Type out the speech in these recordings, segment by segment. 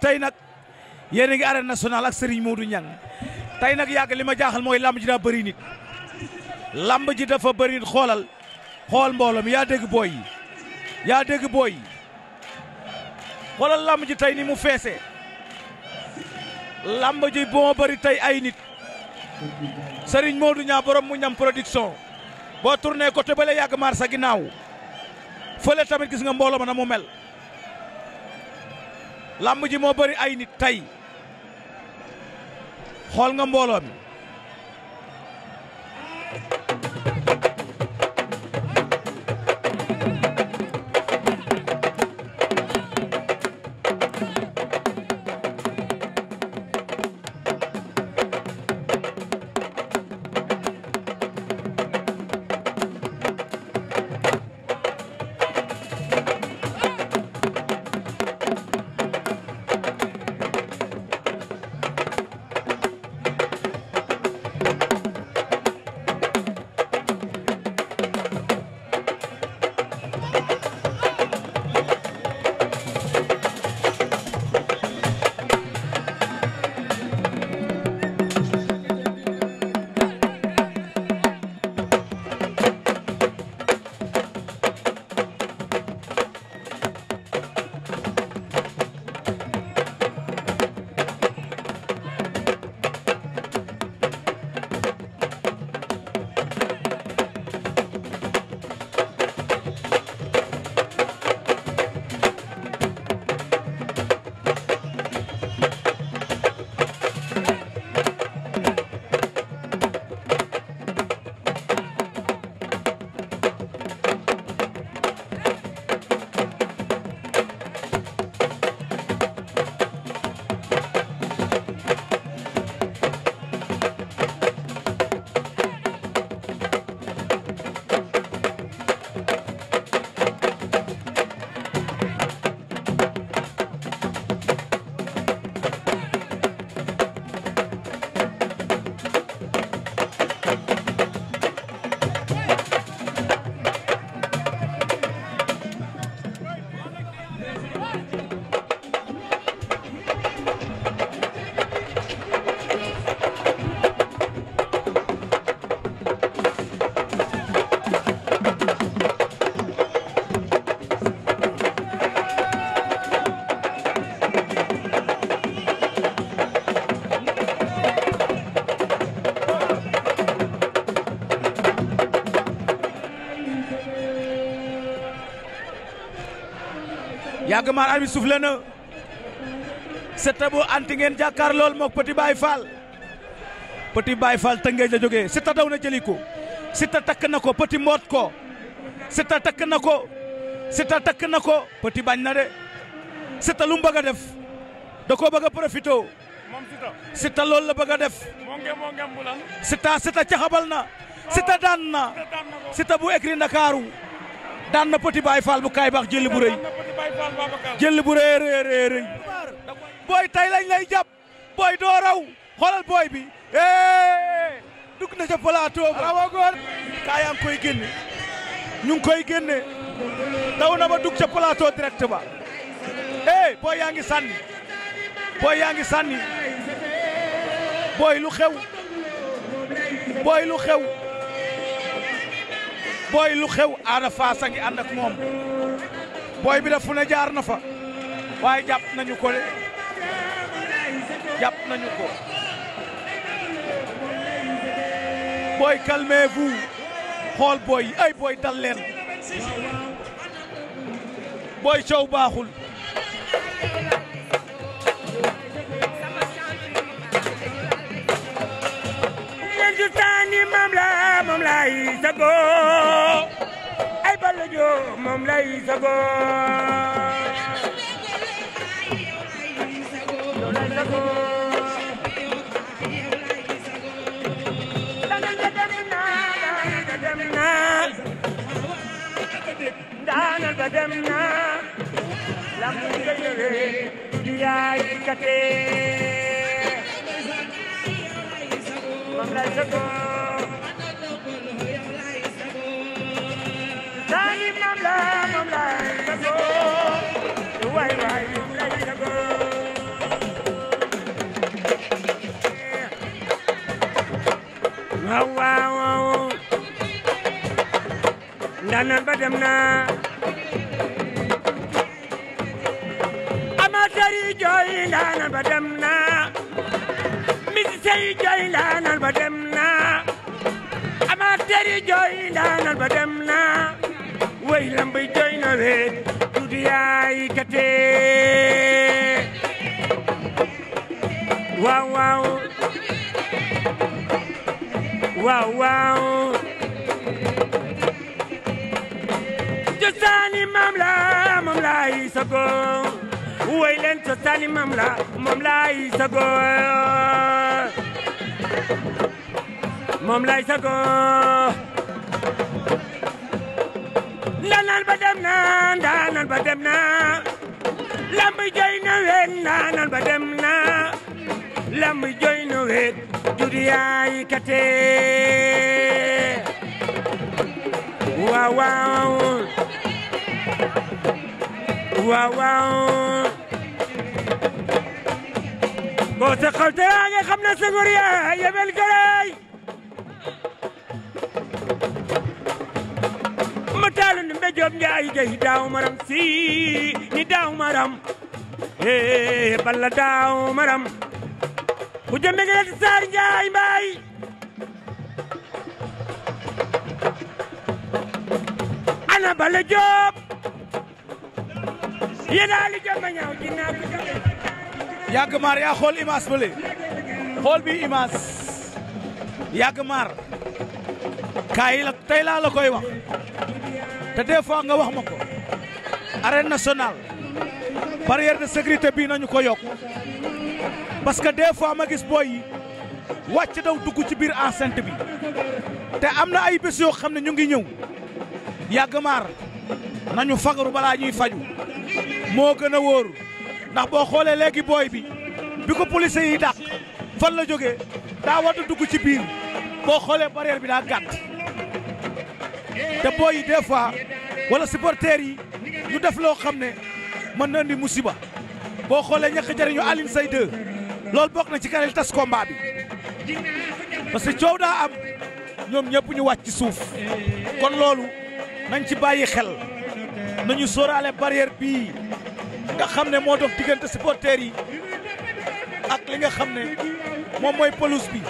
tey nag yéen a ngi arène nationale ak Serigne Modou Niang tey nag yàgg li ma jaaxal mooy lamb ji daa bëri nit làmb ji dafa bëri nit xoolal xool mbooloo mi yaa dégg booy yi yaa dégg booy yi xoolal lamb ji tey ni mu feesee làmb ji bu ma bëri tey ay nit Serigne Modou ñaa borom mu ñam production boo tourné côté ba la yàgg maar ginnaaw fële tamit gis nga mbooloo ma na mu mel làmb ji moo bëri ay nit tey xool nga mbooloo mi yàgg maar arbitre soufflé na bu anti ngeen jàkkaar lool mook Petit Baye Fall Petit Baye Fall tëngeej la jógee Siteu daw na jëli ko Siteu takk na ko Petit moot ko Siteu takk na ko Siteu takk na ko Petit bañ na de Siteu lu mu bëgg a def da koo bëgg a profité moom Siteu la bëgg a def Siteu Siteu caxabal na Siteu daan na Siteu bu écrit Ndakaaru daan na Petit Baye Fall bu kaay baax jël bu rëy jël bu rëy booy tey lañ lay jàpp booy doo raw xoolal booy bi dugg na ca plateau ba rawa góor ngi koy génne ñu koy génne daw na ba dug ca plateau direct ba eh booy yaa ngi sànni booy yaa ngi sànni booy lu xew booy lu xew booy lu xew Ada Fass a ngi ànd ak moom booy bi da fu ne jaar na fa waaye jàpp nañu ko de jàpp nañu ko booy calmez-vous xool booy ay booy dal leen booy coow baaxul moom lay sago ay Balla Diop moom lay sago daanal ba dem na lamb ji nga ñëwee di yaay kate moom lay sago waaw waaw ndaanaan ba dem na amateur yi jooy ndaanaan ba dem na musicien yi jooy ndaanaan ba dem na amateur yi jooy ndaanaan ba dem na way lamb yi jooy na yaay kate waaw waaw waaw waaw cosaani maam la moom laay sago woy leen cosaani maam la moom laay sago moom laay sago ndaanaan ba dem na ba dem na lamb jooy na weet ndaanaan ba dem na lamb jooy na weet judi yaay kate waaw waaw xam na sangur yaa yebel garaay Demba Diop Ndiaye daaw maram si ni daaw maram eh balla daaw maram bu jëmbe ngeen saar Ndiaye mbaay ana balla Diop yénaali jëmba ñaaw ginnaaw bi yàgg maar yaa xool image bële xool bi image yàgg maar kaay la tey laa koy wax te des fois nga wax ma ko arène nationale barrière de sécurité bii nañu ko yokk parce que des fois ma gis booy yi wàcc daw dugg ci biir enceinte bi te am na ay bés yoo xam ne ñu ngi ñëw yàgg maar nañu fagaru balaa ñuy faju moo gën a wóor ndax boo xoolee léegi booy bi bi ko police yi dàq fan la jóge daa war a dugg ci biir boo xoolee barrière bi daa gàtt te booy yi des fois wala supporters yi ñu def loo xam ne mën na indi musiba boo xoolee ñàkk jariñu Alioune Seye 2 loolu bokk na ci kanel tas combat bi parce que coow daa am ñoom ñëpp ñu wàcc ci suuf kon loolu nañ ci bàyyi xel nañu sóoraale barrière bii nga xam ne moo dox diggante supporters yi ak li nga xam ne moom mooy pelouse bi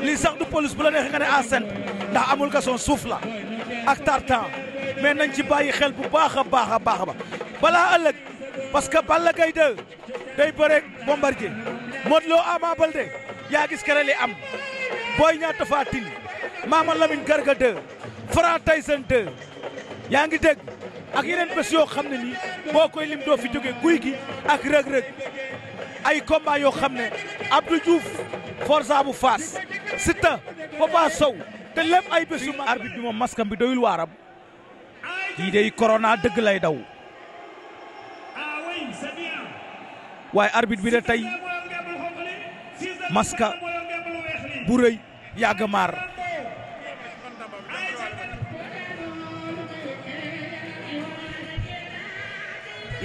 lii sax du pelouse bu la neexee nga ne enceinte ndax amul gason suuf la ak tartan mais nañ ci bàyyi xel bu baax a baax a baax ba balaa ëllëg parce que Balla Gaye 2 day bëreeg Bombardier Modou Lo Ama Baldé yaa gis kere li am Boy Niang Tapha Tine Mama Lamine Garga 2 Frank Tyson 2 yaa ngi dégg ak yeneen bés yoo xam ne nii boo koy lim doo fi jóge guy gi ak rëg-rëg ay combat yoo xam ne Abdou saabu Forza bu Fass Siteu Papa Sow te lépp ay bésum arbitre bi moom maskam bi doyul waaram kii dey corona dëgg lay daw waaye arbitre bi de tey maska bu rëy yàgg maar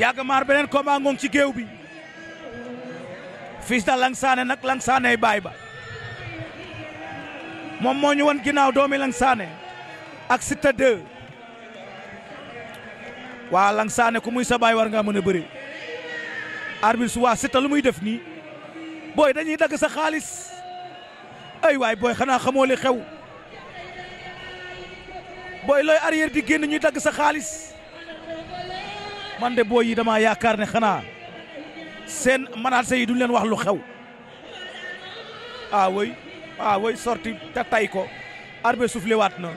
yàgg beneen combat ci géew bi fils da lang saane nag lang saaney baay ba moom moo ñu wan ginnaaw doomi Lang Sané ak Siteu 2 waa Lang Sané ku muy sa baay war ngaa mën a bëri arbitre su waa Siteu lu muy def nii booy dañuy dagg sa xaalis ay waay booy xanaa xamoo li xew booy looy arrière di génn ñuy dagg sa xaalis man de booy yi dama yaakaar ne xanaa seen manaat sa yi leen wax lu xew aawoy ah, ah way sorti te tay ko arbe soufflé waat na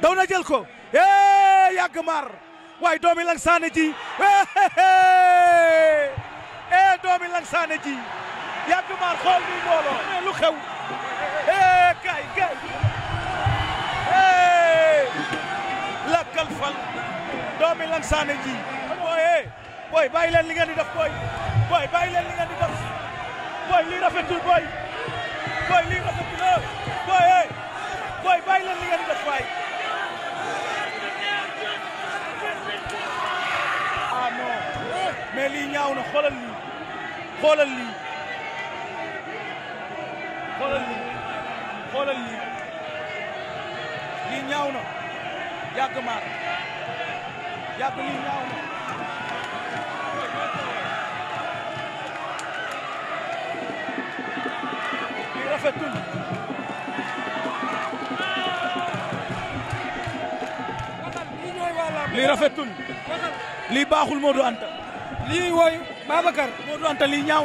daw na jël ko é yàgg maar waaye doomi lang saane ji e doomi lang saane ji yàgg maar xool ni mbooloo lu lakkal fal doomi lang ji booy e booy bàyyi li ngeen di def booy booy bàyyi leen li ngeen di def booy li rafetul booy booy lii rafetlu na booy hey booy bàyyi leen li ngeen di def waay. ah non lii ñaaw na xoolal lii xoolal lii xoolal lii xoolal lii ñaaw na yàgg maa yàgg lii ñaaw na. rafetul lii rafetul lii baaxul Modou Anta. lii woy Babacar. Modou Anta lii ñaaw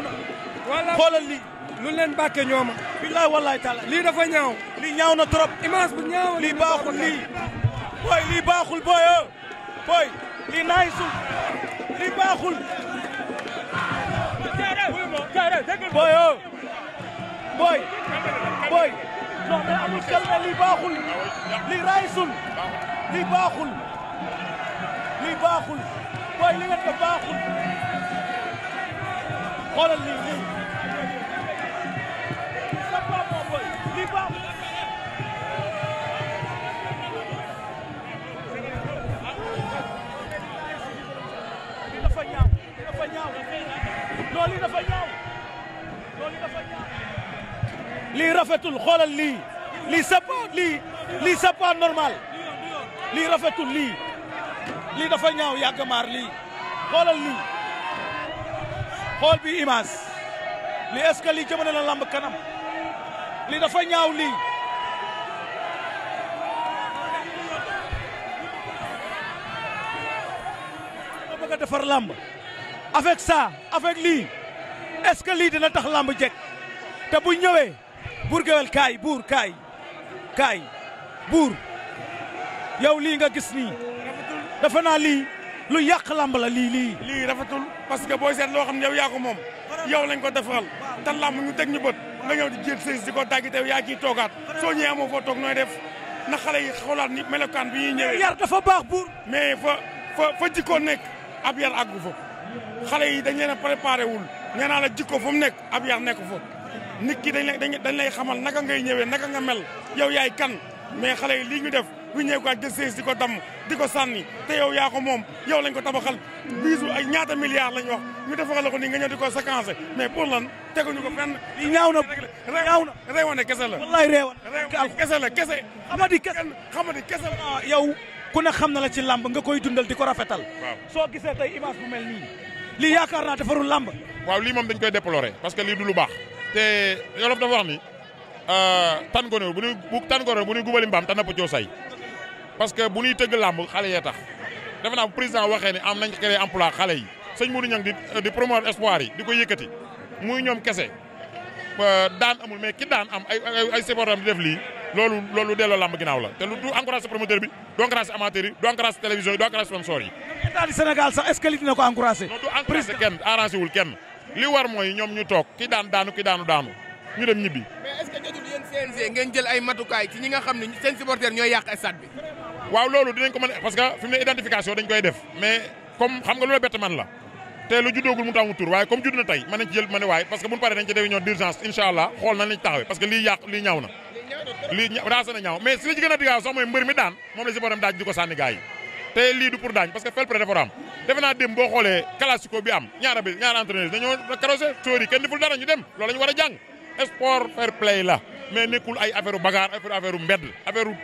xoolal lii. lu leen bàkkee ñooma. billaay wallaay taala lii dafa ñaaw. lii ñaaw na trop. image bu ñaaw lii baaxul lii. booy lii baaxul booy oo. Oh. booy lii naay sul lii baaxul. booy oo. Oh. booy booy non mais amul calme lii baaxul lii raayisul lii baaxul lii baaxul booy li nga def baaxul xoolal lii lii sa papa booy lii baaxul dafa lii rafetul xoolal lii lii c'est pas lii lii c'est pas lii rafetul lii lii dafa ñaaw yàgg maar lii xoolal lii xool bi image lii est lii jëmale na lamb kanam lii dafa ñaaw lii ma bëgg a defar lamb avec ça avec lii est-ce que lii dina tax lamb jekk te bu ñëwee buur géwél kaay buur kaay kaay buur yow lii nga gis nii dafa naa lii lu yàq lamb la lii lii lii rafetul parce que booy seet loo xam ne yow yaa ko moom yow lañ ko defaral te lamb ñu teg ñu bët nga ñëw di jël sëy si ko daggi tew yaa ciy toogaat soo ñëwee amoo foo toog nooy def na xale yi xoolaat ni melokaan bi ñuy ñëwee yar dafa baax buur mais fa fa fa jikkoon nek ab yar àggu fa xale yi dañ leen a wul nee naa la jikko fa mu nekk ab yar nekk fa nit ki dañ lay dañ lay xamal naka ngay ñëwee naka nga mel yow yaay kan mais xale yi lii ñu def bu ñëw ko ak de sées di ko damm di ko sànni te yow yaa ko moom yow lañ ko xal biisu ay ñaata milliards lañ wax ñu def la ko nii nga ñëw di ko séquencé mais pour lan teguñu ko fenn. ñaaw na ñaaw na réewane kese la. wallaay réewane kese la kese. xamadi kese xamadi kese la. Ah, yow ku ne xam na la ci làmb nga koy dundal di ko rafetal. waaw soo gisee tey image bu mel nii. lii yaakaar naa defarul làmb. waaw lii moom dañ koy déplorer parce que lii du lu baax. te yolof dafa wax ni euh, tan gone bu ñuy bu tan bu ñuy gubali mbaam te napp coosay parce que bu ñuy tëgg làmb xale yee tax defe naa bu président am nañ créé emploi xale yi sëñ Modou Niang di di promouvoir espoir yi di ko yëkkati muy ñoom kese daan amul mais ki daan am ay ay di def lii loolu loolu delloo làmb ginnaaw la te lu du encouragé promoteur bi du encouragé amateur du encouragé télévision du encouragé sponsor yi. état du ko encouragé. président du li war mooy ñoom ñu toog ki daan daanu ki daanu ñu dem ñibbi. ngeen jël ay matukaay ci ñi nga xam ne seen supporter ñooy yàq stade bi. waaw loolu dinañ ko mën parce que fi mu ne identification dañ koy def mais comme xam nga lu la bett man la te lu juddoogul mu tax mu tur waaye comme judd na tey mën nañ jël mën ne waaye parce que bu ñu paree dañ ci réunion d'urgence incha allah xool nañ lañ taxawee parce que lii yàq lii ñaaw na lii raasa na ñaaw mais si li ci a digaaw sax defe naa dem boo xoolee classico bi am ñaara bi ñaara entraîneur dañoo carrossé sóor yi kenn deful dara ñu dem loolu la ñu war a jàng sport fair play la mais nekkul ay affaire u bagarre affaire u mbedd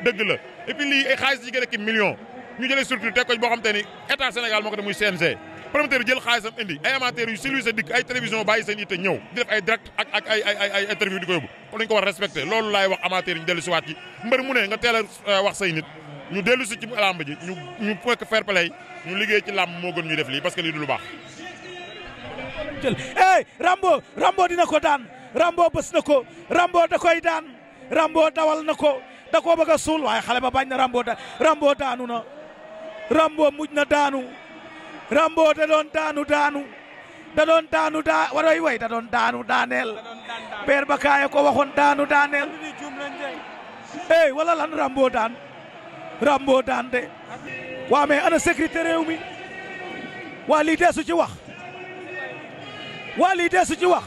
dëgg la et puis lii ay xaalis a ki million ñu jëlee structure teg ko boo xam te ni état Sénégal moo ko def muy CNG promoteur bi jël xaalisam indi ay amateurs yu silu sa dikk ay télévision bàyyi seen yitte ñëw di ay direct ak ay ay di ko loolu laay wax amateurs yi ñu dellu si waat a euh, nit ñu dellusi ci làmb ji ñu ñu fekk ñu liggéey ci làmb moo gën ñu def lii parce que lii du lu baax. jël hey Rambo Rambo dina ko daan Rambo bës na ko Rambo da daan Rambo dawal na ko da koo bëgg a suul waaye xale ba bañ na Rambo da Rambo daanu na Rambo mujj na daanu Rambo da daanu daanu da daanu waroy way da daanu daaneel beer ba kaaya ko waxoon daanu daaneel hey wala lan Rambo daan. Rambo daan de waa mais ana secrétaire réew mi waa lii deesu ci wax waa lii deesu ci wax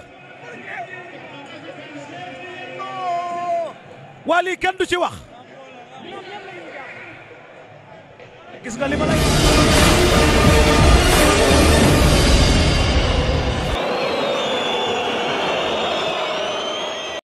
waa lii kenn ci wax gis nga li